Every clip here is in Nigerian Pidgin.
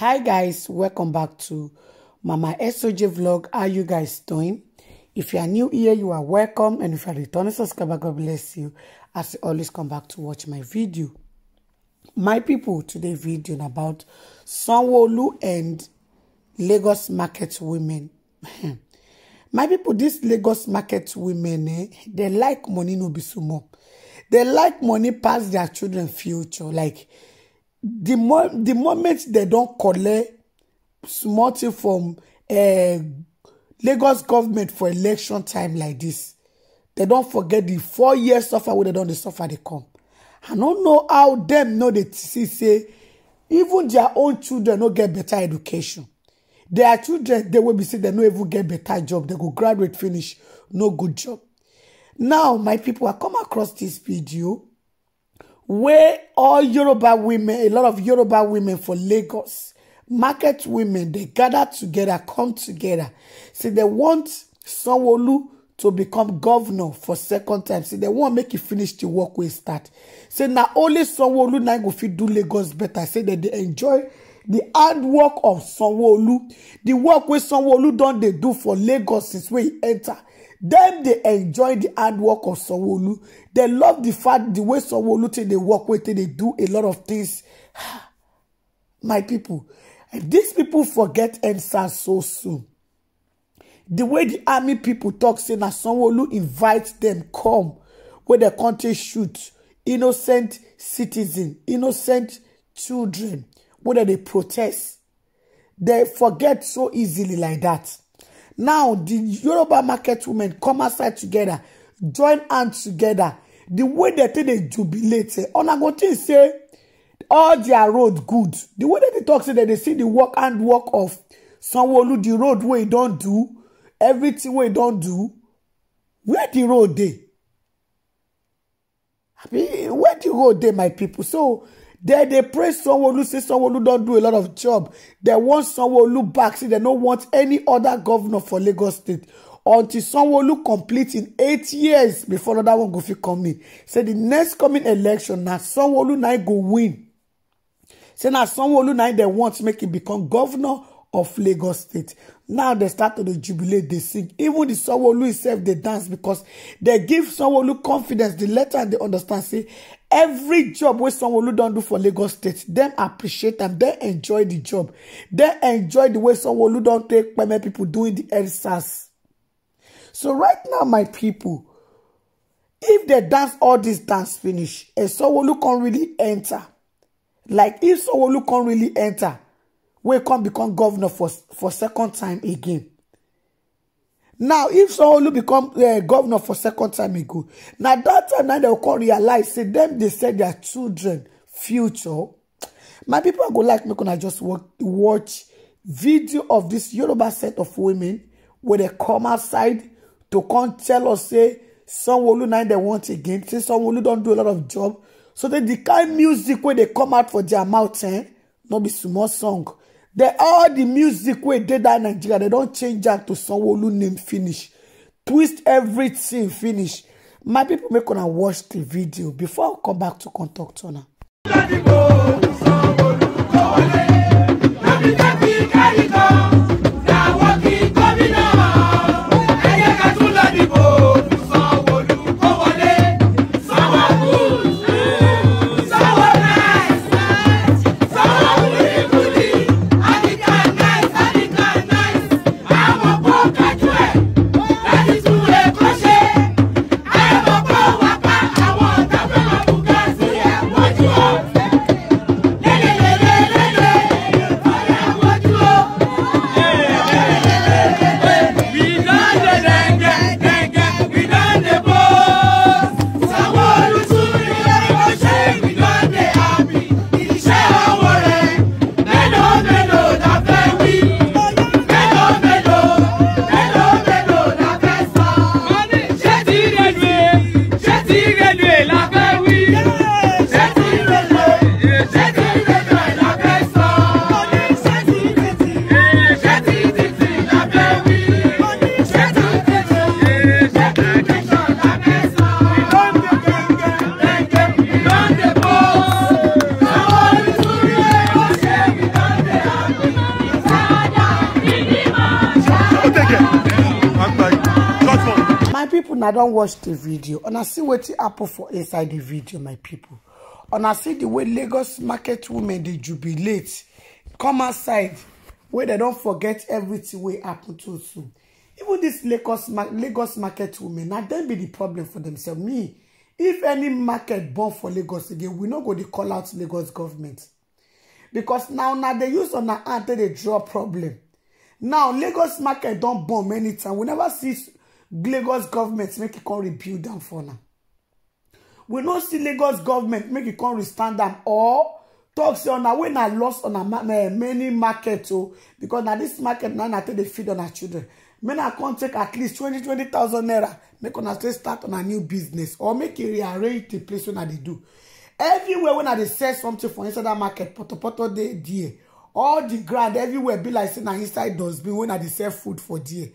hi guys welcome back to mama soj vlog how you guys doing if you are new here you are welcome and if you are returning subscriber god bless you as you always come back to watch my video my people today video about sanwoolu and lagos market women my people this lagos market women eh They like money no be small dem like money pass their children future like the, mo the moment they don't collect small thing from uh, lagos government for election time like this, they don't forget the four years suffer Where they don the suffer they come i don't know how dem no dey see say even their own children no get better education Their children they will be say they no even get better job They go graduate finish no good job now my people, i come across this video Where all yoruba women a lot of yoruba women for lagos market women they gather together come together say they want sanwoolu to become governor for second time say they won't make e finish the work wey start say now only sanwoolu na go fit do lagos better say that they enjoy the hard work of sanwoolu the work wey sanwoolu don dey do for lagos since wey e enta Them they enjoy the hard work of sanwo They love the fact the way sanwo till they work with, till they do a lot of things. My people, these people forget EndSARS so soon. The way the army people talk, say that sanwo invites them come where the country shoot innocent citizens, innocent children, whether they protest. They forget so easily like that. Now the Yoruba market women come aside together, join hands together. The way they take they jubilate, a good thing, say all their road good. The way that they talk say that they see the work and work of someone who the road way don't do, everything Way don't do, where the road they, I mean, where the road they, my people? So They they pray Sanwo-Olu, say Sanwo-Olu don't do a lot of job. They want Sanwo-Olu back. See, they don't want any other governor for Lagos State until Sanwo-Olu complete in eight years before another one go fit come in. Say the next coming election na Sanwo-Olu na go win. Say na Sanwo-Olu na they want make him become governor of Lagos State. Now they start to the jubilate, they sing. Even the Sanwo-Olu itself, they dance because they give Sanwo-Olu confidence. The letter they understand, say, every job wey sanwo-olu don do for lagos state dem appreciate am dem enjoy di job dem enjoy di way sanwo-olu don take payment pipo doing di nsars so right now my pipo if dem dance all dis dance finish and sanwo-olu can't really enter like if sanwo-olu can't really enter wey come become governor for for second time again now if someone olu become eh, governor for second time ago now that time now they will come realize say them, they sell their children future my pipo go like make una just watch video of this yoruba set of women wey they come outside to come tell us say sanwo will now they want again say sanwo will don't do a lot of job so then the kind music wey they come out for their mountain, eh no be small song the all the music wey dey dat nigeria dem don change am to sanwoolu name finish twist everything finish my pipo make una watch the video before i come back to contact una People now don't watch the video and I see wetin apple for inside the video my people. And I see the way lagos market women they jubilate come outside where they don't forget everything We apple to soon. even this lagos lagos market women now dem be the problem for themselves me if any market burn for lagos again we no go dey call out lagos government because now now they use on hand they draw problem now lagos market don't bomb many times we never see lagos government make it e come rebuild them for now we no see lagos government make it e come restand them all. talk say una oh, wey na lost on a eh, many market o oh, because na this market now na take dey feed on our children Men na come take at least 20 20,000 naira make una take start on a new business or make it e rearrange the place when una they do everywhere when una they sell something for inside that market poto poto dey there all the ground everywhere be like say inside inside be when una they sell food for there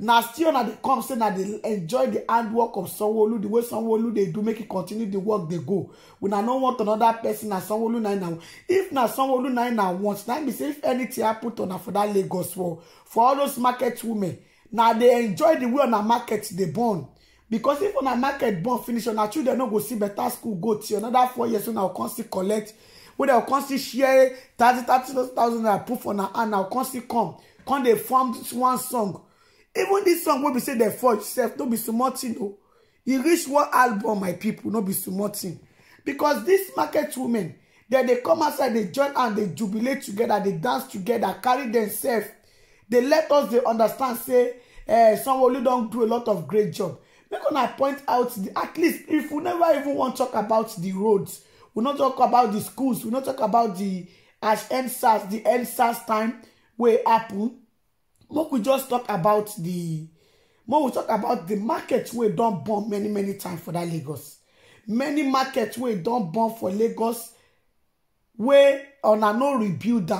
na still na dey come say na dey enjoy the work of sanwoolu the way sanwoolu dey do make e continue the work dey go una no want another person na sanwoolu na na if na sanwoolu na na want na be say if anything happen to una for that lagos war for all those market women na dey enjoy the way una market dey born because if una market born finish una children no go see better school go till another four years una go come still collect wey dem come still share thirty thirty thousand naira put for na hand na come still come come dey form one song even this song will be said dem forge sef Don't be small tin o e reach one album my people. no be small tin because dis market women then they come outside they join and they jubilate together, they dance together, carry themselves. They let us dey understand say eh of you don't do a lot of great job make I point out the at least if we never even wan talk about the roads we not talk about the schools we not talk about the as Nsa's the Nsa's time wey happen make we just talk about the make we talk about the market wey don't burn many many times for that lagos many market wey don't burn for lagos where on una no rebuild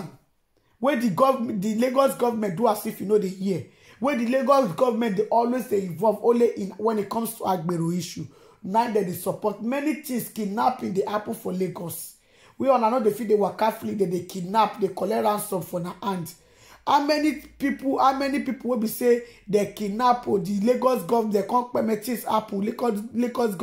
Where the wey the lagos government do as if you know the year. Where the lagos government they always they involve only in when it comes to agbero issue Now that they support many tins kidnapping the apple for lagos wey una no dey They dey carefully. free they kidnap They collect ransom for na hand how many people? how many people wey be say dem kidnap o The lagos government dem come permit tins happen lagos Lagos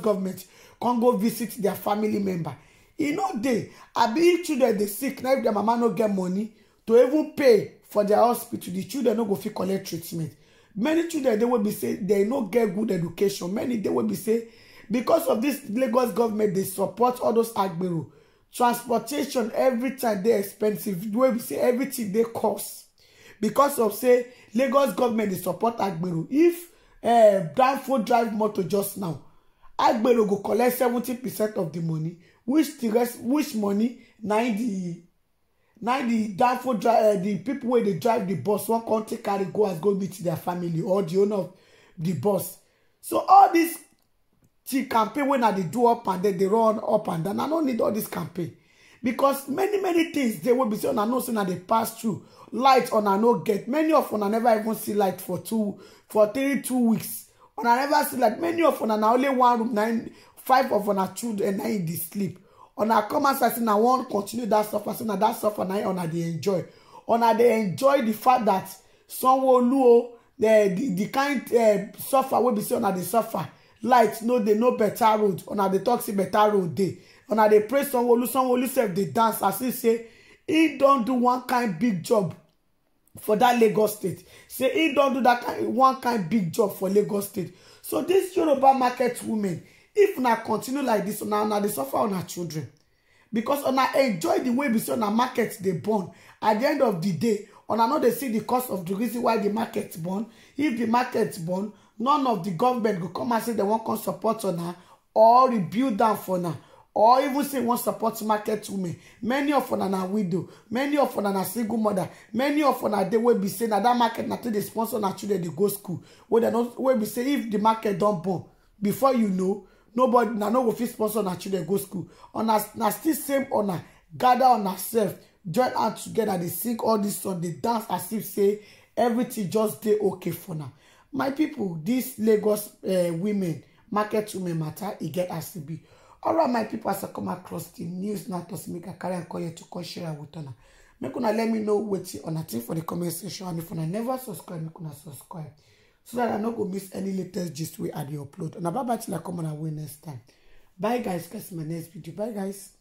government come go visit their family member e no dey abi if children dey sick na if their mama no get money to even pay for their hospital the children no go fit collect treatment many children dey wey be say dem no get good education many dey wey be say because of this lagos government dey support all those agbero transportation every time dey expensive the way we say everything dey cost because of say lagos government dey support agbero if uh, eh, danfo drive motor just now agbero go collect seventy percent of the money which the rest which money na im the na the danfo drive uh, the people wey dey drive the bus wan come take carry go as go meet their family or the owner of the bus so all these till campaign when na dey do up and then they run up and down i don't need all this campaign because many many things they will be say I know say na dey pass through light on I no get many of I never even see light for two for three two weeks I never see light many of una na only one room na five of una children and im dey sleep I come outside say I wan continue that suffer say na dat suffer na una they enjoy una they enjoy the fact that sanwó will o the the the kind uh, suffer will be say that they suffer light no dey no better road una dey talk say better road dey una dey praise sanwoolu sanwoolu sef dey dance as if say he don do one kind big job for that lagos state say he don do kind, one kind big job for lagos state so this yoruba market women if una continue like this dis una dey suffer una children because una enjoy the way be say una market dey burn at the end of the day una no dey see the cost of the reason why the market burn if the market burn none of the government go come and say they won't come support una or rebuild am for una or even say wan support market women many of una na widow many of una na single mother many of una they will be saying na that market not to dey sponsor naturally children go school Well, they will be saying if the market don't burn before you know nobody na no go fit sponsor na children go school una na still same una gather una sef join hand together dey sing all this song dey dance as if say everything just dey okay for now my people, dis lagos eh, women market women matter e get as e be alright my people as i come across the news na tosi make i carry am call here to come share with una make una let me know wetin una think for the comment section and if una never subscribe make una subscribe so that i no go miss any latest gist wey i dey upload na bye bye till i come on our way next time bye guys catch my next video bye guys